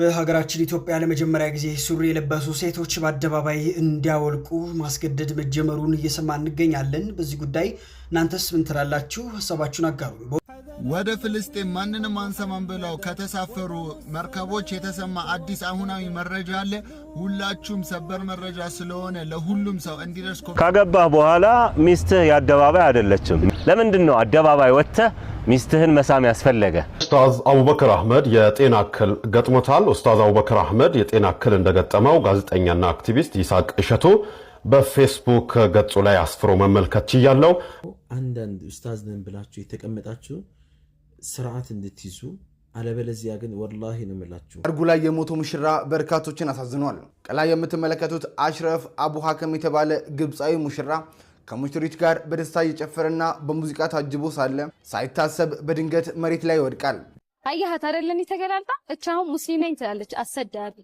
በሀገራችን ኢትዮጵያ ለመጀመሪያ ጊዜ ሱሪ የለበሱ ሴቶች በአደባባይ እንዲያወልቁ ማስገደድ መጀመሩን እየሰማ እንገኛለን። በዚህ ጉዳይ እናንተስ ምን ትላላችሁ? ሀሳባችሁን አጋሩ። ወደ ፍልስጤም ማንንም አንሰማም ብለው ከተሳፈሩ መርከቦች የተሰማ አዲስ አሁናዊ መረጃ አለ። ሁላችሁም ሰበር መረጃ ስለሆነ ለሁሉም ሰው እንዲደርስ። ካገባህ በኋላ ሚስትህ የአደባባይ አይደለችም። ለምንድን ነው አደባባይ ወጥተህ ሚስትህን መሳም ያስፈለገ? ኡስታዝ አቡበክር አህመድ የጤና እክል ገጥሞታል። ኡስታዝ አቡበክር አህመድ የጤና እክል እንደገጠመው ጋዜጠኛና አክቲቪስት ይስሐቅ እሸቱ በፌስቡክ ገጹ ላይ አስፍሮ መመልከት ችያለው። አንዳንድ ኡስታዝ ነን ብላችሁ የተቀመጣችሁ ስርዓት እንድትይዙ አለበለዚያ ግን ወላሂ ነው የምላችሁ። ሰርጉ ላይ የሞተው ሙሽራ በርካቶችን አሳዝኗል። ከላይ የምትመለከቱት አሽረፍ አቡ ሀከም የተባለ ግብፃዊ ሙሽራ ከሙሽሪት ጋር በደስታ እየጨፈረና በሙዚቃ ታጅቦ ሳለ ሳይታሰብ በድንገት መሬት ላይ ይወድቃል። አያሀት አደለን የተገላልጣ እቻሁን ሙስሊም ነኝ ትላለች። አሰዳቢ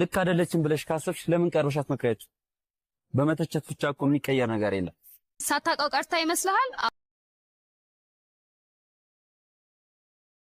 ልክ አደለችን ብለሽ ካሰብሽ ለምን ቀርበሻት መክሪያቸው? በመተቸት ብቻ እኮ የሚቀየር ነገር የለም። ሳታውቀው ቀርታ ይመስልሃል።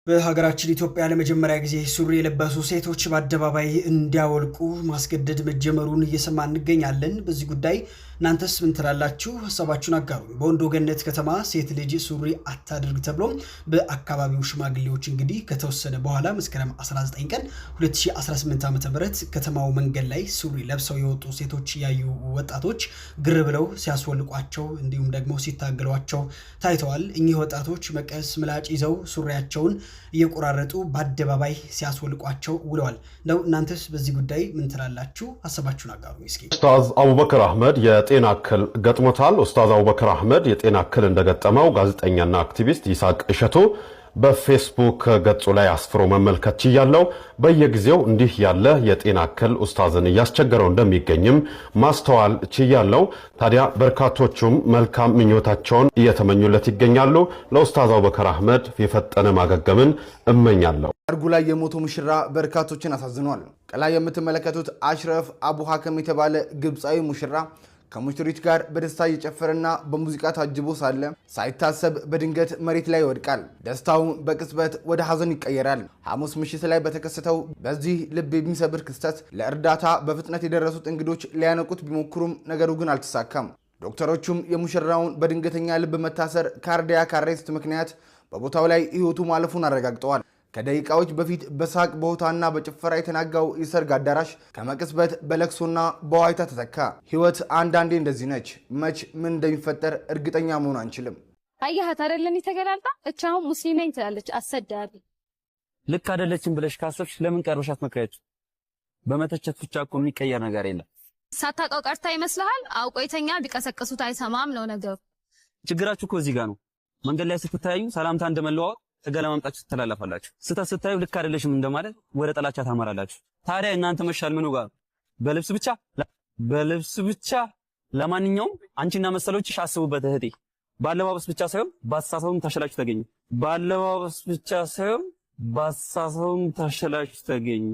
በሀገራችን ኢትዮጵያ ለመጀመሪያ ጊዜ ሱሪ የለበሱ ሴቶች በአደባባይ እንዲያወልቁ ማስገደድ መጀመሩን እየሰማ እንገኛለን። በዚህ ጉዳይ እናንተስ ምን ትላላችሁ? ሀሳባችሁን አጋሩ። በወንዶ ገነት ከተማ ሴት ልጅ ሱሪ አታድርግ ተብሎ በአካባቢው ሽማግሌዎች እንግዲህ ከተወሰነ በኋላ መስከረም 19 ቀን 2018 ዓ ም ከተማው መንገድ ላይ ሱሪ ለብሰው የወጡ ሴቶች ያዩ ወጣቶች ግር ብለው ሲያስወልቋቸው እንዲሁም ደግሞ ሲታገሏቸው ታይተዋል። እኚህ ወጣቶች መቀስ፣ ምላጭ ይዘው ሱሪያቸውን እየቆራረጡ በአደባባይ ሲያስወልቋቸው ውለዋል። ነው እናንተስ በዚህ ጉዳይ ምን ትላላችሁ? ሀሳባችሁን አጋሩ። እስኪ ኡስታዝ አቡበከር አህመድ የጤና እክል ገጥሞታል። ኡስታዝ አቡበከር አህመድ የጤና እክል እንደገጠመው ጋዜጠኛና አክቲቪስት ይስሐቅ እሸቱ በፌስቡክ ገጹ ላይ አስፍሮ መመልከት ችያለው። በየጊዜው እንዲህ ያለ የጤና እክል ኡስታዝን እያስቸገረው እንደሚገኝም ማስተዋል ችያለው። ታዲያ በርካቶቹም መልካም ምኞታቸውን እየተመኙለት ይገኛሉ። ለኡስታዝ አቡበከር አህመድ የፈጠነ ማገገምን እመኛለሁ። አርጉ ላይ የሞቶ ሙሽራ በርካቶችን አሳዝኗል። ከላይ የምትመለከቱት አሽረፍ አቡ ሀከም የተባለ ግብፃዊ ሙሽራ ከሙሽሪት ጋር በደስታ እየጨፈረና በሙዚቃ ታጅቦ ሳለ ሳይታሰብ በድንገት መሬት ላይ ይወድቃል። ደስታውም በቅጽበት ወደ ሐዘን ይቀየራል። ሐሙስ ምሽት ላይ በተከሰተው በዚህ ልብ የሚሰብር ክስተት ለእርዳታ በፍጥነት የደረሱት እንግዶች ሊያነቁት ቢሞክሩም ነገሩ ግን አልተሳካም። ዶክተሮቹም የሙሽራውን በድንገተኛ ልብ መታሰር ካርዲያክ አሬስት ምክንያት በቦታው ላይ ሕይወቱ ማለፉን አረጋግጠዋል። ከደቂቃዎች በፊት በሳቅ በሆታና በጭፈራ የተናጋው የሰርግ አዳራሽ ከመቅስበት በለቅሶና በዋይታ ተተካ። ህይወት አንዳንዴ እንደዚህ ነች። መች ምን እንደሚፈጠር እርግጠኛ መሆን አንችልም። አያህት አደለን የተገላልጣ እቻሁን ሙስሊም ነኝ ትላለች። አሰዳቢ ልክ አደለችን ብለሽ ካሰብሽ ለምን ቀርበሻት አትመክሪያችሁ? በመተቸት ብቻ እኮ የሚቀየር ነገር የለም። ሳታውቀው ቀርታ ይመስልሃል? አውቆ የተኛ ቢቀሰቅሱት አይሰማም ነው ነገሩ። ችግራችሁ እኮ እዚህ ጋር ነው። መንገድ ላይ ስትታያዩ ሰላምታ እንደመለዋወቅ ተገለማምጣችሁ ትተላለፋላችሁ። ስህተት ስታዩ ልክ አይደለሽም እንደማለት ወደ ጠላቻ ታመራላችሁ። ታዲያ እናንተ መሻል ምኑ ጋር በልብስ ብቻ በልብስ ብቻ። ለማንኛውም አንቺና መሰሎችሽ አስቡበት እህቴ። ባለባበስ ብቻ ሳይሆን ባስተሳሰብም ታሸላችሁ ተገኙ። ባለባበስ ብቻ ሳይሆን ባስተሳሰብም ታሸላችሁ ተገኙ።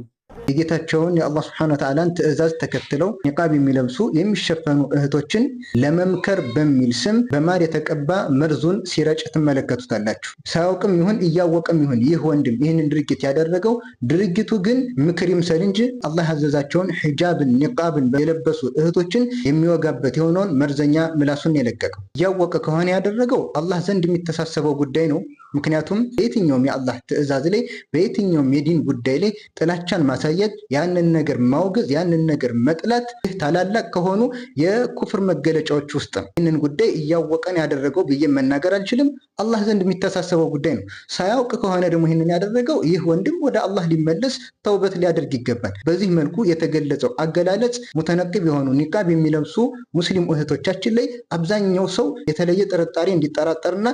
የጌታቸውን የአላህ ስብሐነ ወተዓላን ትዕዛዝ ተከትለው ኒቃብ የሚለብሱ የሚሸፈኑ እህቶችን ለመምከር በሚል ስም በማር የተቀባ መርዙን ሲረጭ ትመለከቱታላችሁ። ሳያውቅም ይሁን እያወቅም ይሁን ይህ ወንድም ይህንን ድርጊት ያደረገው ድርጊቱ ግን ምክር ይምሰል እንጂ አላህ ያዘዛቸውን ሒጃብን ኒቃብን የለበሱ እህቶችን የሚወጋበት የሆነውን መርዘኛ ምላሱን የለቀቀው እያወቀ ከሆነ ያደረገው አላህ ዘንድ የሚተሳሰበው ጉዳይ ነው። ምክንያቱም በየትኛውም የአላህ ትዕዛዝ ላይ በየትኛውም የዲን ጉዳይ ላይ ጥላቻን ማሳየት፣ ያንን ነገር ማውገዝ፣ ያንን ነገር መጥላት ይህ ታላላቅ ከሆኑ የኩፍር መገለጫዎች ውስጥ ነው። ይህንን ጉዳይ እያወቀን ያደረገው ብዬ መናገር አልችልም። አላህ ዘንድ የሚተሳሰበው ጉዳይ ነው። ሳያውቅ ከሆነ ደግሞ ይህንን ያደረገው ይህ ወንድም ወደ አላህ ሊመለስ ተውበት ሊያደርግ ይገባል። በዚህ መልኩ የተገለጸው አገላለጽ ሙተነቅብ የሆኑ ኒቃብ የሚለብሱ ሙስሊም እህቶቻችን ላይ አብዛኛው ሰው የተለየ ጥርጣሬ እንዲጠራጠርና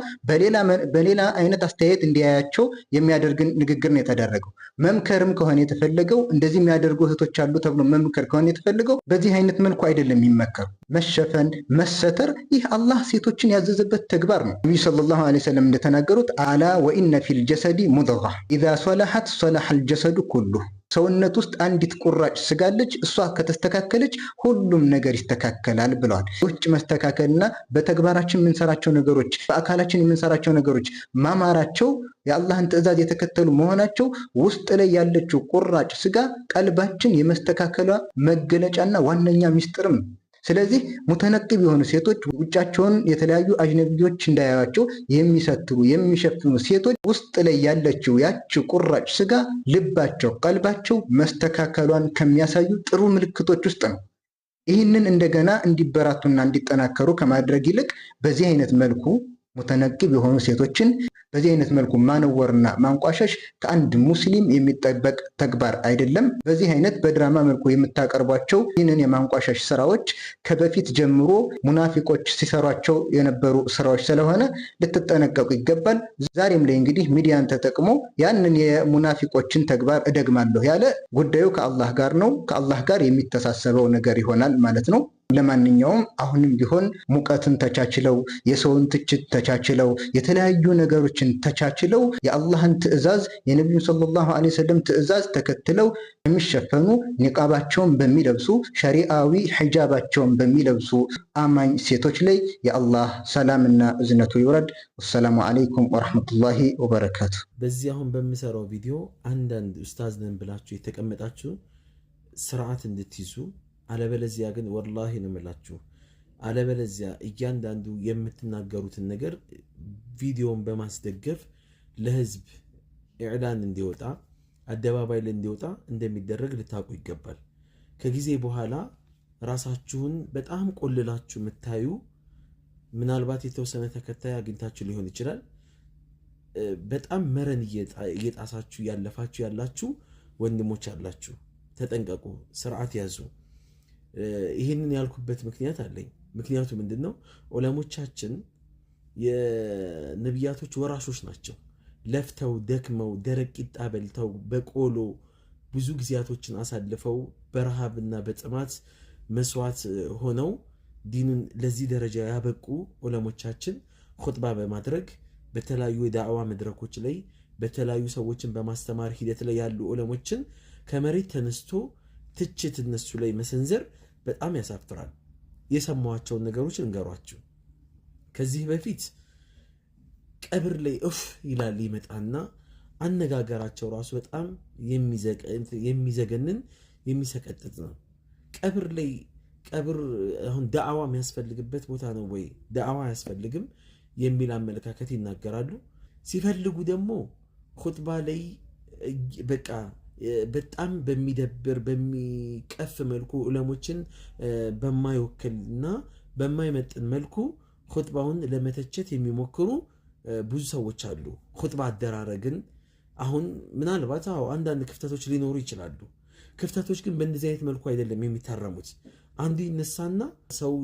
በሌላ አይነት አስተያየት እንዲያያቸው የሚያደርግ ንግግር ነው የተደረገው። መምከርም ከሆነ የተፈለገው እንደዚህ የሚያደርጉ እህቶች አሉ ተብሎ መምከር ከሆነ የተፈለገው በዚህ አይነት መልኩ አይደለም የሚመከሩ። መሸፈን፣ መሰተር ይህ አላህ ሴቶችን ያዘዘበት ተግባር ነው። ነቢዩ ሰለላሁ ዐለይሂ ወሰለም እንደተናገሩት አላ ወኢነ ፊል ጀሰዲ ሙድጋ ኢዛ ሶላሐት ሶላሐል ጀሰዱ ኩሉ ሰውነት ውስጥ አንዲት ቁራጭ ስጋለች። እሷ ከተስተካከለች ሁሉም ነገር ይስተካከላል ብለዋል። የውጭ መስተካከልና በተግባራችን የምንሰራቸው ነገሮች፣ በአካላችን የምንሰራቸው ነገሮች ማማራቸው የአላህን ትዕዛዝ የተከተሉ መሆናቸው ውስጥ ላይ ያለችው ቁራጭ ስጋ ቀልባችን የመስተካከሏ መገለጫና ዋነኛ ሚስጥርም ስለዚህ ሙተነቅብ የሆኑ ሴቶች ውጫቸውን የተለያዩ አጅነቢዎች እንዳያዩቸው የሚሰትሩ የሚሸፍኑ ሴቶች ውስጥ ላይ ያለችው ያች ቁራጭ ስጋ ልባቸው፣ ቀልባቸው መስተካከሏን ከሚያሳዩ ጥሩ ምልክቶች ውስጥ ነው። ይህንን እንደገና እንዲበራቱና እንዲጠናከሩ ከማድረግ ይልቅ በዚህ አይነት መልኩ ሙተነቅብ የሆኑ ሴቶችን በዚህ አይነት መልኩ ማነወርና ማንቋሸሽ ከአንድ ሙስሊም የሚጠበቅ ተግባር አይደለም። በዚህ አይነት በድራማ መልኩ የምታቀርቧቸው ይህንን የማንቋሸሽ ስራዎች ከበፊት ጀምሮ ሙናፊቆች ሲሰሯቸው የነበሩ ስራዎች ስለሆነ ልትጠነቀቁ ይገባል። ዛሬም ላይ እንግዲህ ሚዲያን ተጠቅሞ ያንን የሙናፊቆችን ተግባር እደግማለሁ ያለ ጉዳዩ ከአላህ ጋር ነው፣ ከአላህ ጋር የሚተሳሰበው ነገር ይሆናል ማለት ነው። ለማንኛውም አሁንም ቢሆን ሙቀትን ተቻችለው የሰውን ትችት ተቻችለው የተለያዩ ነገሮችን ተቻችለው የአላህን ትዕዛዝ የነቢዩ ሰለላሁ ዐለይሂ ወሰለም ትዕዛዝ ተከትለው የሚሸፈኑ ኒቃባቸውን በሚለብሱ ሸሪአዊ ሒጃባቸውን በሚለብሱ አማኝ ሴቶች ላይ የአላህ ሰላምና እዝነቱ ይውረድ። ወሰላሙ ዐለይኩም ወረሕመቱላሂ ወበረካቱ። በዚህ አሁን በምሰራው ቪዲዮ አንዳንድ ኡስታዝ ነን ብላችሁ የተቀመጣችሁ ስርዓት እንድትይዙ አለበለዚያ ግን ወላሂ ነው የምላችሁ፣ አለበለዚያ እያንዳንዱ የምትናገሩትን ነገር ቪዲዮን በማስደገፍ ለህዝብ ኢዕላን እንዲወጣ አደባባይ ላይ እንዲወጣ እንደሚደረግ ልታውቁ ይገባል። ከጊዜ በኋላ ራሳችሁን በጣም ቆልላችሁ የምታዩ ምናልባት የተወሰነ ተከታይ አግኝታችሁ ሊሆን ይችላል። በጣም መረን እየጣሳችሁ ያለፋችሁ ያላችሁ ወንድሞች አላችሁ። ተጠንቀቁ፣ ስርዓት ያዙ። ይህንን ያልኩበት ምክንያት አለኝ። ምክንያቱ ምንድን ነው? ዑለሞቻችን የነቢያቶች ወራሾች ናቸው። ለፍተው ደክመው ደረቅ ቂጣ በልተው በቆሎ ብዙ ጊዜያቶችን አሳልፈው በረሃብና በጥማት መስዋዕት ሆነው ዲኑን ለዚህ ደረጃ ያበቁ ዑለሞቻችን ኹጥባ በማድረግ በተለያዩ የዳዕዋ መድረኮች ላይ በተለያዩ ሰዎችን በማስተማር ሂደት ላይ ያሉ ዑለሞችን ከመሬት ተነስቶ ትችት እነሱ ላይ መሰንዘር በጣም ያሳፍራል። የሰማኋቸውን ነገሮች እንገሯችሁ። ከዚህ በፊት ቀብር ላይ እፍ ይላል ይመጣና አነጋገራቸው ራሱ በጣም የሚዘገንን የሚሰቀጥጥ ነው። ቀብር ላይ ቀብር አሁን ዳዕዋ የሚያስፈልግበት ቦታ ነው ወይ ዳዕዋ አያስፈልግም የሚል አመለካከት ይናገራሉ። ሲፈልጉ ደግሞ ሁጥባ ላይ በቃ በጣም በሚደብር በሚቀፍ መልኩ ዑለሞችን በማይወክል እና በማይመጥን መልኩ ሁጥባውን ለመተቸት የሚሞክሩ ብዙ ሰዎች አሉ። ሁጥባ አደራረግን አሁን ምናልባት አዎ አንዳንድ ክፍተቶች ሊኖሩ ይችላሉ። ክፍተቶች ግን በእንደዚህ አይነት መልኩ አይደለም የሚታረሙት። አንዱ ይነሳና ሰው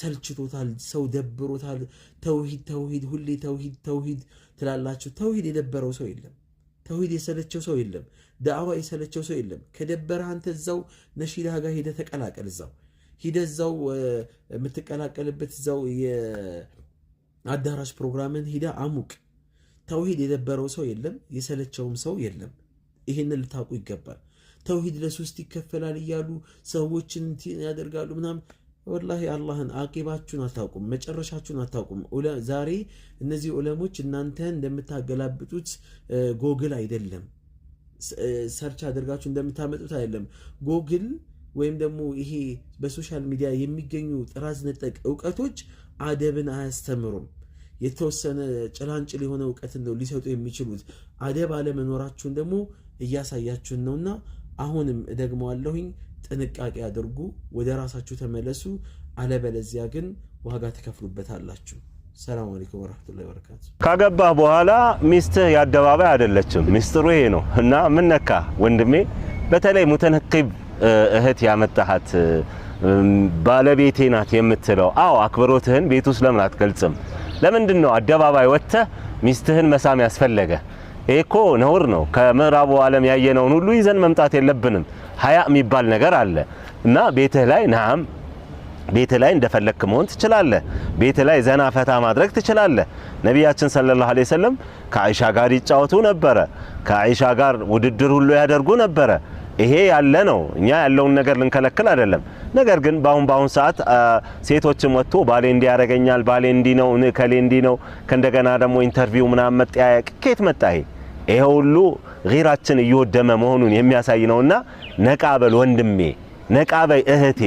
ሰልችቶታል፣ ሰው ደብሮታል፣ ተውሂድ ተውሂድ፣ ሁሌ ተውሂድ ተውሂድ ትላላችሁ። ተውሂድ የደበረው ሰው የለም። ተውሂድ የሰለቸው ሰው የለም። ዳዕዋ የሰለቸው ሰው የለም። ከደበረህ አንተ እዛው ነሺዳ ጋር ሂደህ ተቀላቀል። እዛው ሂደህ እዛው የምትቀላቀልበት እዛው የአዳራሽ ፕሮግራምን ሂደህ አሙቅ። ተውሂድ የደበረው ሰው የለም፣ የሰለቸውም ሰው የለም። ይህንን ልታውቁ ይገባል። ተውሂድ ለሶስት ይከፈላል እያሉ ሰዎችን ያደርጋሉ ምናምን ወላሂ አላህን አቂባችሁን አታውቁም፣ መጨረሻችሁን አታውቁም። ዛሬ እነዚህ ዑለሞች እናንተን እንደምታገላብጡት ጎግል አይደለም፣ ሰርች አድርጋችሁ እንደምታመጡት አይደለም። ጎግል ወይም ደግሞ ይሄ በሶሻል ሚዲያ የሚገኙ ጥራዝ ነጠቅ እውቀቶች አደብን አያስተምሩም። የተወሰነ ጭላንጭል የሆነ እውቀትን ነው ሊሰጡ የሚችሉት። አደብ አለመኖራችሁን ደግሞ እያሳያችሁን ነውና አሁንም እደግመዋለሁኝ ጥንቃቄ አድርጉ፣ ወደ ራሳችሁ ተመለሱ። አለበለዚያ ግን ዋጋ ትከፍሉበታላችሁ። ሰላም አለይኩም ወራህመቱላሂ ወበረካቱ። ካገባህ በኋላ ሚስትህ የአደባባይ አይደለችም። ሚስጥሩ ይሄ ነው እና ምን ነካ ወንድሜ፣ በተለይ ሙተነክብ እህት ያመጣሃት ባለቤቴ ናት የምትለው፣ አዎ አክብሮትህን ቤት ውስጥ ለምን አትገልጽም? ለምንድን ነው አደባባይ ወጥተህ ሚስትህን መሳም ያስፈለገ? ይሄ እኮ ነውር ነው። ከምዕራቡ ዓለም ያየነውን ሁሉ ይዘን መምጣት የለብንም። ሀያ የሚባል ነገር አለ እና ቤትህ ላይ ናም ቤት ላይ እንደፈለክ መሆን ትችላለህ። ቤት ላይ ዘና ፈታ ማድረግ ትችላለህ። ነቢያችን ሰለላሁ ዐለይሂ ወሰለም ከአይሻ ጋር ይጫወቱ ነበረ። ከአይሻ ጋር ውድድር ሁሉ ያደርጉ ነበረ። ይሄ ያለ ነው። እኛ ያለውን ነገር ልንከለክል አይደለም። ነገር ግን በአሁን በአሁን ሰዓት ሴቶችም ወጥቶ ባሌ እንዲህ ያደርገኛል፣ ባሌ እንዲህ ነው፣ ከሌ እንዲህ ነው፣ ከእንደገና ደግሞ ኢንተርቪው ምናምን መጠያየቅ ኬት መጣ ይሄ ይሄ ሁሉ ጊራችን እየወደመ መሆኑን የሚያሳይ ነውና ነቃበል ወንድሜ፣ ነቃ እህቴ፣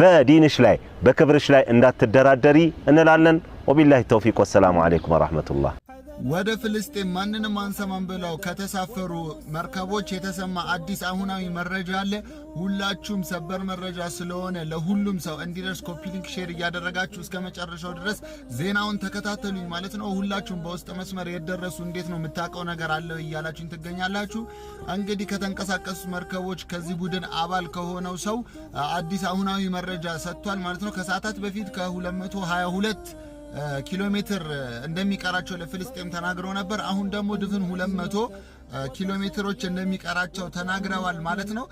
በዲንሽ ላይ በክብርሽ ላይ እንዳትደራደሪ እንላለን። ወቢላሂ ተውፊቅ ወሰላሙ አለይኩም ወራህመቱላህ። ወደ ፍልስጤም ማንንም አንሰማም ብለው ከተሳፈሩ መርከቦች የተሰማ አዲስ አሁናዊ መረጃ አለ። ሁላችሁም ሰበር መረጃ ስለሆነ ለሁሉም ሰው እንዲደርስ ኮፒሊንክ ሼር እያደረጋችሁ እስከ መጨረሻው ድረስ ዜናውን ተከታተሉኝ ማለት ነው። ሁላችሁም በውስጥ መስመር የደረሱ እንዴት ነው የምታውቀው ነገር አለ እያላችሁኝ ትገኛላችሁ። እንግዲህ ከተንቀሳቀሱ መርከቦች ከዚህ ቡድን አባል ከሆነው ሰው አዲስ አሁናዊ መረጃ ሰጥቷል ማለት ነው። ከሰዓታት በፊት ከ222 ኪሎ ሜትር እንደሚቀራቸው ለፍልስጤም ተናግረው ነበር። አሁን ደግሞ ድፍን ሁለት መቶ ኪሎ ሜትሮች እንደሚቀራቸው ተናግረዋል ማለት ነው።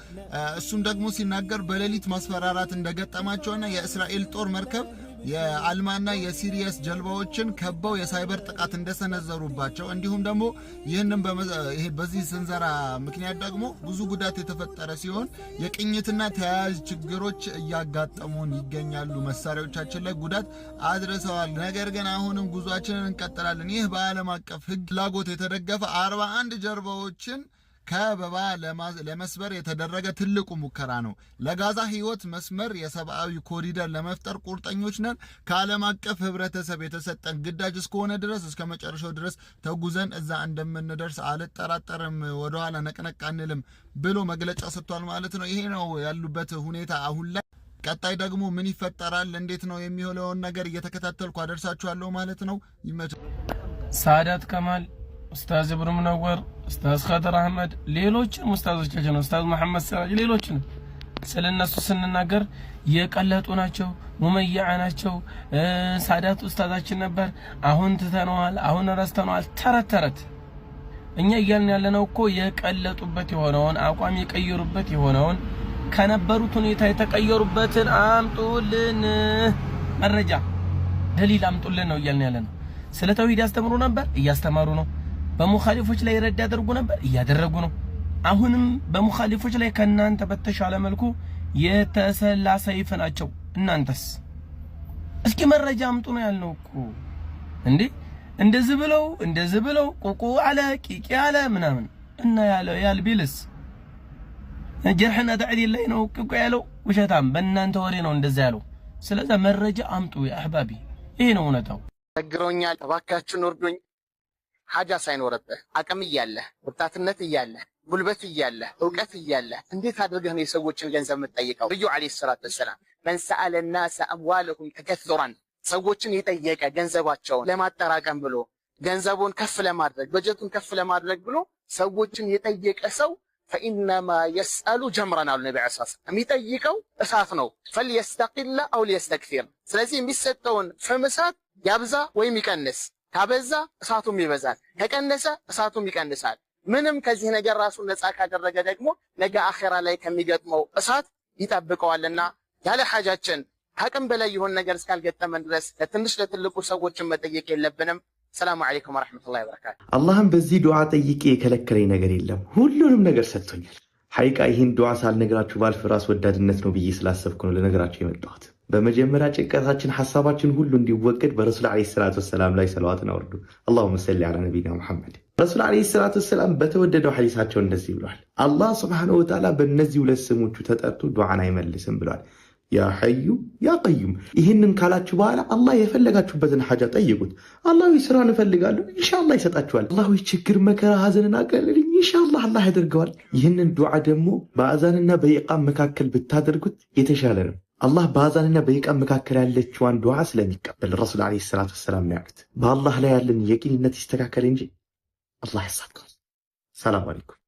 እሱም ደግሞ ሲናገር በሌሊት ማስፈራራት እንደገጠማቸውና የእስራኤል ጦር መርከብ የአልማና የሲሪየስ ጀልባዎችን ከበው የሳይበር ጥቃት እንደሰነዘሩባቸው እንዲሁም ደግሞ ይህንም በዚህ ስንዘራ ምክንያት ደግሞ ብዙ ጉዳት የተፈጠረ ሲሆን የቅኝትና ተያያዥ ችግሮች እያጋጠሙን ይገኛሉ። መሳሪያዎቻችን ላይ ጉዳት አድርሰዋል። ነገር ግን አሁንም ጉዟችንን እንቀጥላለን። ይህ በዓለም አቀፍ ሕግ ፍላጎት የተደገፈ አርባ አንድ ጀልባዎችን ከበባ ለመስበር የተደረገ ትልቁ ሙከራ ነው። ለጋዛ ህይወት መስመር የሰብአዊ ኮሪደር ለመፍጠር ቁርጠኞች ነን። ከዓለም አቀፍ ህብረተሰብ የተሰጠን ግዳጅ እስከሆነ ድረስ እስከ መጨረሻው ድረስ ተጉዘን እዛ እንደምንደርስ አልጠራጠርም። ወደኋላ ነቅነቅ አንልም ብሎ መግለጫ ሰጥቷል ማለት ነው። ይሄ ነው ያሉበት ሁኔታ አሁን ላይ። ቀጣይ ደግሞ ምን ይፈጠራል፣ እንዴት ነው የሚሆነውን ነገር እየተከታተልኩ አደርሳችኋለሁ ማለት ነው። ሳዳት ከማል ኡስታዝ ኢብኑ ሙነወር፣ ኡስታዝ ኸደር አህመድ፣ ሌሎችንም ኡስታዞቻችን ኡስታዝ መሐመድ ሰራጅ፣ ሌሎችንም ስለ እነሱ ስንናገር የቀለጡ ናቸው፣ ሙመያ ናቸው። ሳዳት ኡስታዛችን ነበር፣ አሁን ትተነዋል፣ አሁን ረስተነዋል። ተረት ተረት እኛ እያልን ያለነው እኮ የቀለጡበት የሆነውን አቋም የቀየሩበት የሆነውን ከነበሩት ሁኔታ የተቀየሩበትን አምጡልን መረጃ፣ ደሊል አምጡልን ነው እያልን ያለነው። ስለ ተውሂድ ያስተምሩ ነበር፣ እያስተማሩ ነው። በሙኻሊፎች ላይ ረድ ያደርጉ ነበር፣ እያደረጉ ነው። አሁንም በሙኻሊፎች ላይ ከእናንተ በተሻለ መልኩ የተሰላ ሰይፍ ናቸው። እናንተስ እስኪ መረጃ አምጡ ነው ያልነው እኮ እንዴ! እንደዚህ ብለው እንደዚህ ብለው ቁቁ አለ ቂቂ አለ ምናምን እና ያለ ያል ቢልስ ጀርሕና ተዕዲል ላይ ነው ቁቁ ያለው። ውሸታም በእናንተ ወሬ ነው እንደዛ ያለው። ስለዚህ መረጃ አምጡ የአህባቢ ይሄ ነው እውነታው። ነግረውኛል። እባካችሁን እርዱኝ። ሀጃ ሳይኖርብህ አቅም እያለህ ወጣትነት እያለህ ጉልበት እያለህ እውቀት እያለህ እንዴት አድርገህ ነው የሰዎችን ገንዘብ የምትጠይቀው? ነቢዩ ዓለይሂ ሰላቱ ወሰላም መን ሰአለ ናሰ አምዋለሁም ተከሱራን ሰዎችን የጠየቀ ገንዘባቸውን ለማጠራቀም ብሎ ገንዘቡን ከፍ ለማድረግ በጀቱን ከፍ ለማድረግ ብሎ ሰዎችን የጠየቀ ሰው ፈኢነማ የስአሉ ጀምረን አሉ ነቢ ስ የሚጠይቀው እሳት ነው። ፈልየስተቂላ አው ሊየስተክፊር። ስለዚህ የሚሰጠውን ፍም እሳት ያብዛ ወይም ይቀንስ። ካበዛ እሳቱም ይበዛል፣ ከቀነሰ እሳቱም ይቀንሳል። ምንም ከዚህ ነገር ራሱን ነፃ ካደረገ ደግሞ ነገ አኼራ ላይ ከሚገጥመው እሳት ይጠብቀዋልና ያለ ሐጃችን አቅም በላይ የሆን ነገር እስካልገጠመን ድረስ ለትንሽ ለትልቁ ሰዎችን መጠየቅ የለብንም። ሰላሙ አለይኩም ወረሕመቱላሂ ወበረካቱ። አላህም በዚህ ዱዓ ጠይቄ የከለከለኝ ነገር የለም፣ ሁሉንም ነገር ሰጥቶኛል። ሀይቃ ይህን ዱዓ ሳልነግራችሁ ባልፍ ራስ ወዳድነት ነው ብዬ ስላሰብኩ ነው ለነገራችሁ የመጣሁት። በመጀመሪያ ጭንቀታችን፣ ሐሳባችን ሁሉ እንዲወገድ በረሱል ዓለይሂ ሰላቱ ወሰላም ላይ ሰለዋት አውርዱ። አላሁመ ሰሊ ዐላ ነቢና ሙሐመድ። ረሱል ዓለይሂ ሰላቱ ወሰላም በተወደደው ሐዲሳቸው እንደዚህ ብሏል። አላህ ስብሓነሁ ወተዓላ በእነዚህ ሁለት ስሞቹ ተጠርቶ ዱዓን አይመልስም ብሏል። ያ ሐዩ ያ ቀዩም። ይህንን ካላችሁ በኋላ አላህ የፈለጋችሁበትን ሐጃ ጠይቁት። አላህ ስራን እፈልጋለሁ ኢንሻላህ ይሰጣችኋል። አላህ ችግር፣ መከራ፣ ሀዘንን አቅልልኝ ኢንሻላህ አላህ ያደርገዋል። ይህንን ዱዓ ደግሞ በአዛንና በኢቃም መካከል ብታደርጉት የተሻለ ነው። አላህ በአዛንና በኢቃም መካከል ያለችዋን ዱዓ ስለሚቀበል ረሱል ዓለይሂ ሰላቱ ወሰላም ያሉት በአላህ ላይ ያለን የቂንነት ይስተካከል እንጂ አላህ ያሳካል። ሰላም አለይኩም።